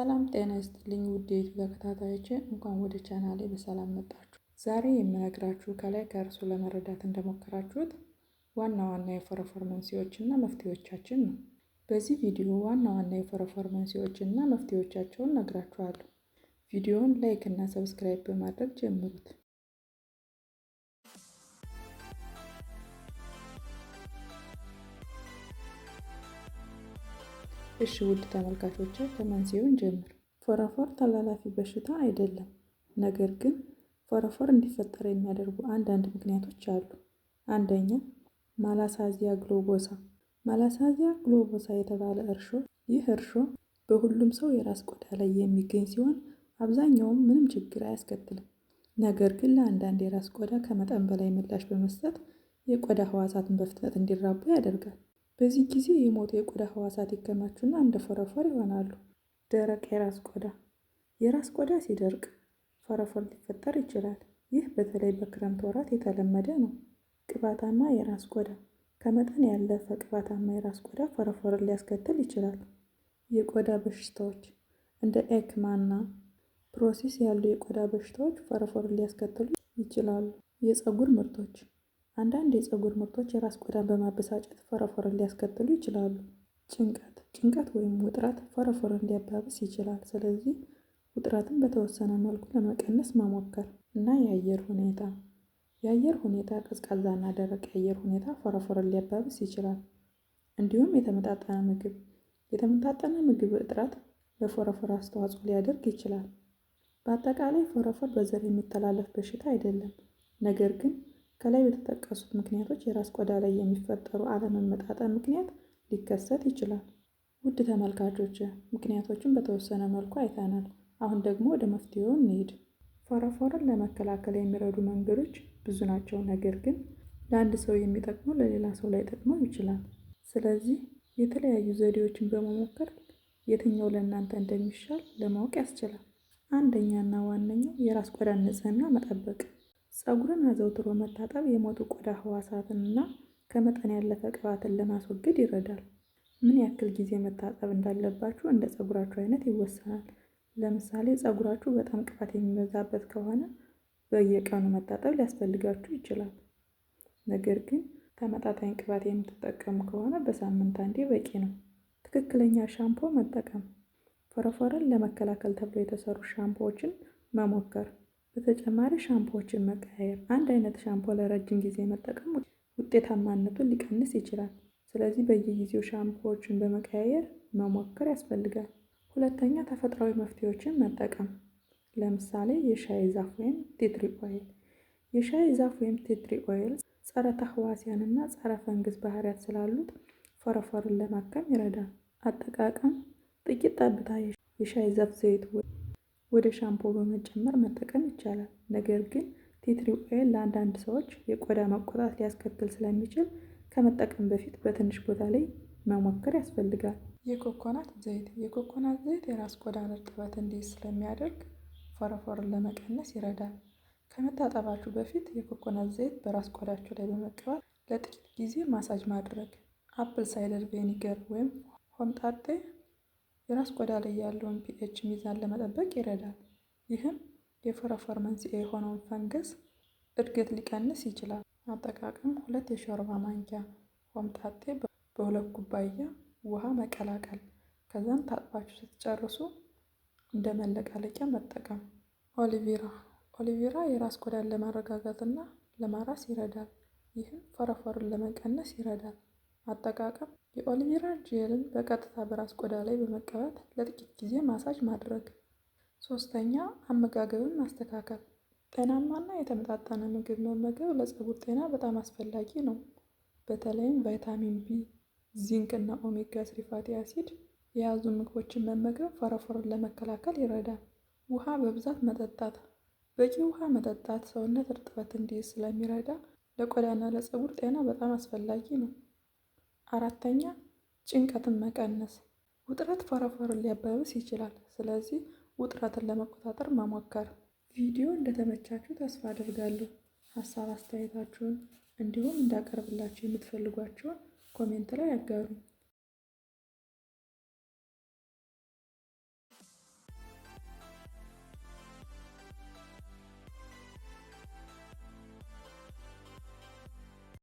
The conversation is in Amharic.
ሰላም ጤና ይስጥልኝ ውድ ተከታታዮች፣ እንኳን ወደ ቻናሌ በሰላም መጣችሁ። ዛሬ የምነግራችሁ ከላይ ከእርሱ ለመረዳት እንደሞከራችሁት ዋና ዋና የፎረፎር መንስኤዎች እና መፍትሄዎቻችን ነው። በዚህ ቪዲዮ ዋና ዋና የፎረፎር መንስኤዎች እና መፍትሄዎቻቸውን ነግራችኋለሁ። ቪዲዮውን ላይክ እና ሰብስክራይብ በማድረግ ጀምሩት። እሺ ውድ ተመልካቾች ከመንስኤውን ጀምር። ፎረፎር ተላላፊ በሽታ አይደለም፣ ነገር ግን ፎረፎር እንዲፈጠር የሚያደርጉ አንዳንድ ምክንያቶች አሉ። አንደኛ ማላሳዚያ ግሎቦሳ። ማላሳዚያ ግሎቦሳ የተባለ እርሾ። ይህ እርሾ በሁሉም ሰው የራስ ቆዳ ላይ የሚገኝ ሲሆን አብዛኛውም ምንም ችግር አያስከትልም። ነገር ግን ለአንዳንድ የራስ ቆዳ ከመጠን በላይ ምላሽ በመስጠት የቆዳ ህዋሳትን በፍጥነት እንዲራቡ ያደርጋል። በዚህ ጊዜ የሞተ የቆዳ ህዋሳት ይከማቹና እንደ ፎረፎር ይሆናሉ። ደረቅ የራስ ቆዳ የራስ ቆዳ ሲደርቅ ፎረፎር ሊፈጠር ይችላል። ይህ በተለይ በክረምት ወራት የተለመደ ነው። ቅባታማ የራስ ቆዳ ከመጠን ያለፈ ቅባታማ የራስ ቆዳ ፎረፎርን ሊያስከትል ይችላል። የቆዳ በሽታዎች እንደ ኤክማና ፕሮሲስ ያሉ የቆዳ በሽታዎች ፎረፎርን ሊያስከትሉ ይችላሉ። የፀጉር ምርቶች አንዳንድ የፀጉር ምርቶች የራስ ቆዳን በማበሳጨት ፎረፎርን ሊያስከትሉ ይችላሉ። ጭንቀት ጭንቀት ወይም ውጥረት ፎረፎርን ሊያባብስ ይችላል። ስለዚህ ውጥረትን በተወሰነ መልኩ ለመቀነስ መሞከር እና የአየር ሁኔታ የአየር ሁኔታ ቀዝቃዛና ደረቅ የአየር ሁኔታ ፎረፎርን ሊያባብስ ይችላል። እንዲሁም የተመጣጠነ ምግብ የተመጣጠነ ምግብ እጥረት ለፎረፎር አስተዋጽኦ ሊያደርግ ይችላል። በአጠቃላይ ፎረፎር በዘር የሚተላለፍ በሽታ አይደለም፣ ነገር ግን ከላይ በተጠቀሱት ምክንያቶች የራስ ቆዳ ላይ የሚፈጠሩ አለመመጣጠን ምክንያት ሊከሰት ይችላል። ውድ ተመልካቾች ምክንያቶችን በተወሰነ መልኩ አይተናል። አሁን ደግሞ ወደ መፍትሄው እንሄድ ፎረፎርን ለመከላከል የሚረዱ መንገዶች ብዙ ናቸው። ነገር ግን ለአንድ ሰው የሚጠቅመው ለሌላ ሰው ላይጠቅመው ይችላል። ስለዚህ የተለያዩ ዘዴዎችን በመሞከር የትኛው ለእናንተ እንደሚሻል ለማወቅ ያስችላል። አንደኛና ዋነኛው የራስ ቆዳን ንጽህና መጠበቅ ፀጉርን አዘውትሮ መታጠብ የሞቱ ቆዳ ህዋሳትን እና ከመጠን ያለፈ ቅባትን ለማስወገድ ይረዳል። ምን ያክል ጊዜ መታጠብ እንዳለባችሁ እንደ ፀጉራችሁ አይነት ይወሰናል። ለምሳሌ ፀጉራችሁ በጣም ቅባት የሚበዛበት ከሆነ በየቀኑ መታጠብ ሊያስፈልጋችሁ ይችላል። ነገር ግን ተመጣጣኝ ቅባት የምትጠቀሙ ከሆነ በሳምንት አንዴ በቂ ነው። ትክክለኛ ሻምፖ መጠቀም። ፎረፎርን ለመከላከል ተብሎ የተሰሩ ሻምፖዎችን መሞከር በተጨማሪ ሻምፖዎችን መቀያየር፣ አንድ አይነት ሻምፖ ለረጅም ጊዜ መጠቀም ውጤታማነቱን ሊቀንስ ይችላል። ስለዚህ በየጊዜው ሻምፖዎችን በመቀያየር መሞከር ያስፈልጋል። ሁለተኛ ተፈጥሯዊ መፍትሄዎችን መጠቀም፣ ለምሳሌ የሻይ ዛፍ ወይም ቲትሪ ኦይል። የሻይ ዛፍ ወይም ቲትሪ ኦይል ጸረ ተህዋሲያን እና ጸረ ፈንግስ ባህሪያት ስላሉት ፎረፎርን ለማከም ይረዳል። አጠቃቀም ጥቂት ጠብታ የሻይ ዛፍ ዘይት ወደ ሻምፖ በመጨመር መጠቀም ይቻላል። ነገር ግን ቲትሪ ኦይል ለአንዳንድ ሰዎች የቆዳ መቆጣት ሊያስከትል ስለሚችል ከመጠቀም በፊት በትንሽ ቦታ ላይ መሞከር ያስፈልጋል። የኮኮናት ዘይት የኮኮናት ዘይት የራስ ቆዳን እርጥበት እንዲይዝ ስለሚያደርግ ፎረፎርን ለመቀነስ ይረዳል። ከመታጠባችሁ በፊት የኮኮናት ዘይት በራስ ቆዳችሁ ላይ በመቀባት ለጥቂት ጊዜ ማሳጅ ማድረግ። አፕል ሳይደር ቬኒገር ወይም ሆምጣጤ የራስ ቆዳ ላይ ያለውን ፒኤች ሚዛን ለመጠበቅ ይረዳል። ይህም የፎረፎር መንስኤ የሆነውን ፈንገስ እድገት ሊቀንስ ይችላል። አጠቃቀም ሁለት የሾርባ ማንኪያ ሆምጣጤ በሁለት ኩባያ ውሃ መቀላቀል፣ ከዚያም ታጥባችሁ ስትጨርሱ እንደ መለቃለቂያ መጠቀም። ኦሊቪራ ኦሊቪራ የራስ ቆዳን ለማረጋጋትና ለማራስ ይረዳል። ይህም ፎረፎርን ለመቀነስ ይረዳል። አጠቃቀም የኦሊቬራ ጄልን በቀጥታ በራስ ቆዳ ላይ በመቀባት ለጥቂት ጊዜ ማሳጅ ማድረግ። ሶስተኛ አመጋገብን ማስተካከል። ጤናማና የተመጣጠነ ምግብ መመገብ ለፀጉር ጤና በጣም አስፈላጊ ነው። በተለይም ቫይታሚን ቢ፣ ዚንክ እና ኦሜጋ ስሪ ፋቲ አሲድ የያዙ ምግቦችን መመገብ ፎረፎርን ለመከላከል ይረዳል። ውሃ በብዛት መጠጣት። በቂ ውሃ መጠጣት ሰውነት እርጥበት እንዲይዝ ስለሚረዳ ለቆዳና ለፀጉር ጤና በጣም አስፈላጊ ነው። አራተኛ ጭንቀትን መቀነስ። ውጥረት ፎረፎርን ሊያባብስ ይችላል። ስለዚህ ውጥረትን ለመቆጣጠር መሞከር። ቪዲዮ እንደተመቻችሁ ተስፋ አድርጋለሁ። ሀሳብ አስተያየታችሁን እንዲሁም እንዳቀርብላችሁ የምትፈልጓቸውን ኮሜንት ላይ ያጋሩ።